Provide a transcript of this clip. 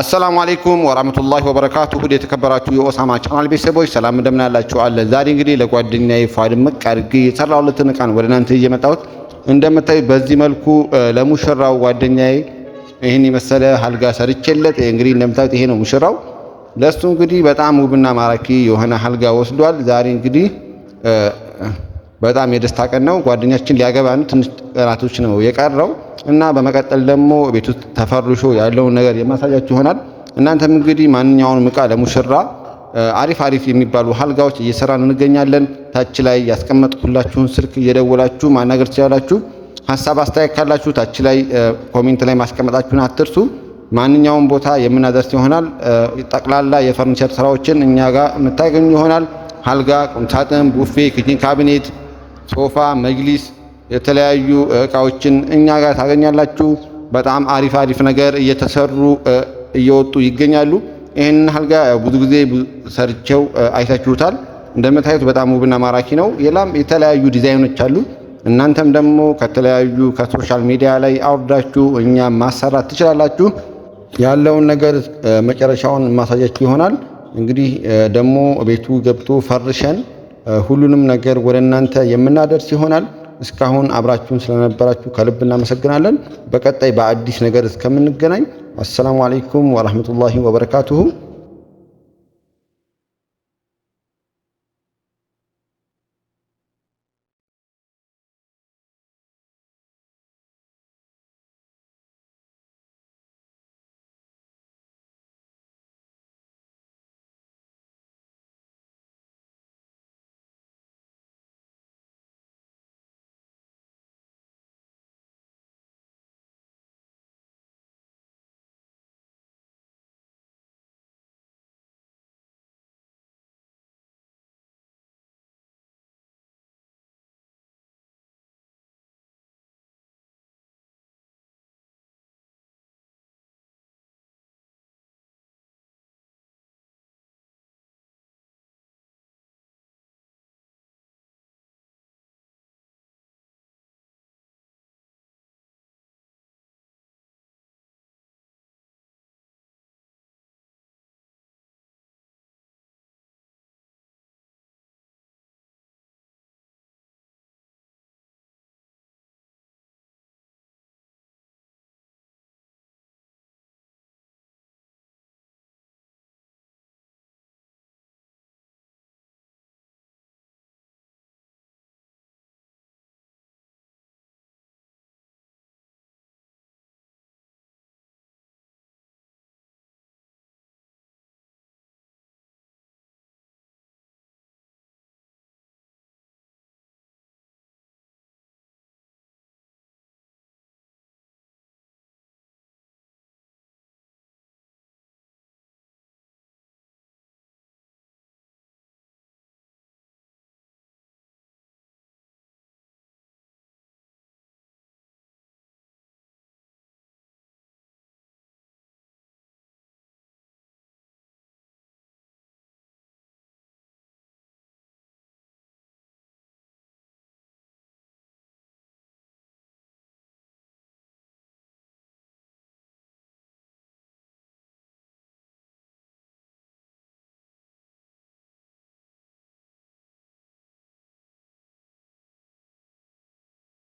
አሰላሙ አሌይኩም ወራህመቱላሂ ወበረካቱሁ። የተከበራችሁ የኦሳማ ቻናል ቤተሰቦች ሰላም እንደምን አለ። ዛሬ እንግዲህ ለጓደኛዬ ፏድ ምቅ አድርጌ የሰራሁለትን ዕቃ ወደ እናንተ እየመጣሁት እንደምታዩ በዚህ መልኩ ለሙሽራው ጓደኛዬ ይህን የመሰለ ሀልጋ ሰርቼለት እንግዲህ እንደምታዩት ይሄ ነው ሙሽራው። ለእሱ እንግዲህ በጣም ውብና ማራኪ የሆነ ሀልጋ ወስዷል። ዛሬ እንግዲህ በጣም የደስታ ቀን ነው። ጓደኛችን ሊያገባን ትንሽ ቀናቶች ነው የቀረው እና በመቀጠል ደግሞ ቤት ውስጥ ተፈርሾ ያለውን ነገር የማሳያችሁ ይሆናል። እናንተም እንግዲህ ማንኛውንም ዕቃ ለሙሽራ አሪፍ አሪፍ የሚባሉ ሀልጋዎች እየሰራን እንገኛለን። ታች ላይ ያስቀመጥኩላችሁን ስልክ እየደወላችሁ ማናገር ትችላላችሁ። ሀሳብ አስተያየት ካላችሁ ታች ላይ ኮሜንት ላይ ማስቀመጣችሁን አትርሱ። ማንኛውም ቦታ የምናደርስ ይሆናል። ጠቅላላ የፈርኒቸር ስራዎችን እኛ ጋር የምታገኙ ይሆናል። ሀልጋ፣ ቁምሳጥን፣ ቡፌ፣ ክችን ካቢኔት ሶፋ፣ መጅሊስ፣ የተለያዩ እቃዎችን እኛ ጋር ታገኛላችሁ። በጣም አሪፍ አሪፍ ነገር እየተሰሩ እየወጡ ይገኛሉ። ይህንን አልጋ ብዙ ጊዜ ሰርቸው አይታችሁታል። እንደምታዩት በጣም ውብና ማራኪ ነው። የላም የተለያዩ ዲዛይኖች አሉ። እናንተም ደግሞ ከተለያዩ ከሶሻል ሚዲያ ላይ አውርዳችሁ እኛ ማሰራት ትችላላችሁ። ያለውን ነገር መጨረሻውን ማሳያችሁ ይሆናል። እንግዲህ ደግሞ ቤቱ ገብቶ ፈርሸን ሁሉንም ነገር ወደ እናንተ የምናደርስ ይሆናል። እስካሁን አብራችሁን ስለነበራችሁ ከልብ እናመሰግናለን። በቀጣይ በአዲስ ነገር እስከምንገናኝ አሰላሙ አለይኩም ወራህመቱላሂ ወበረካቱሁ።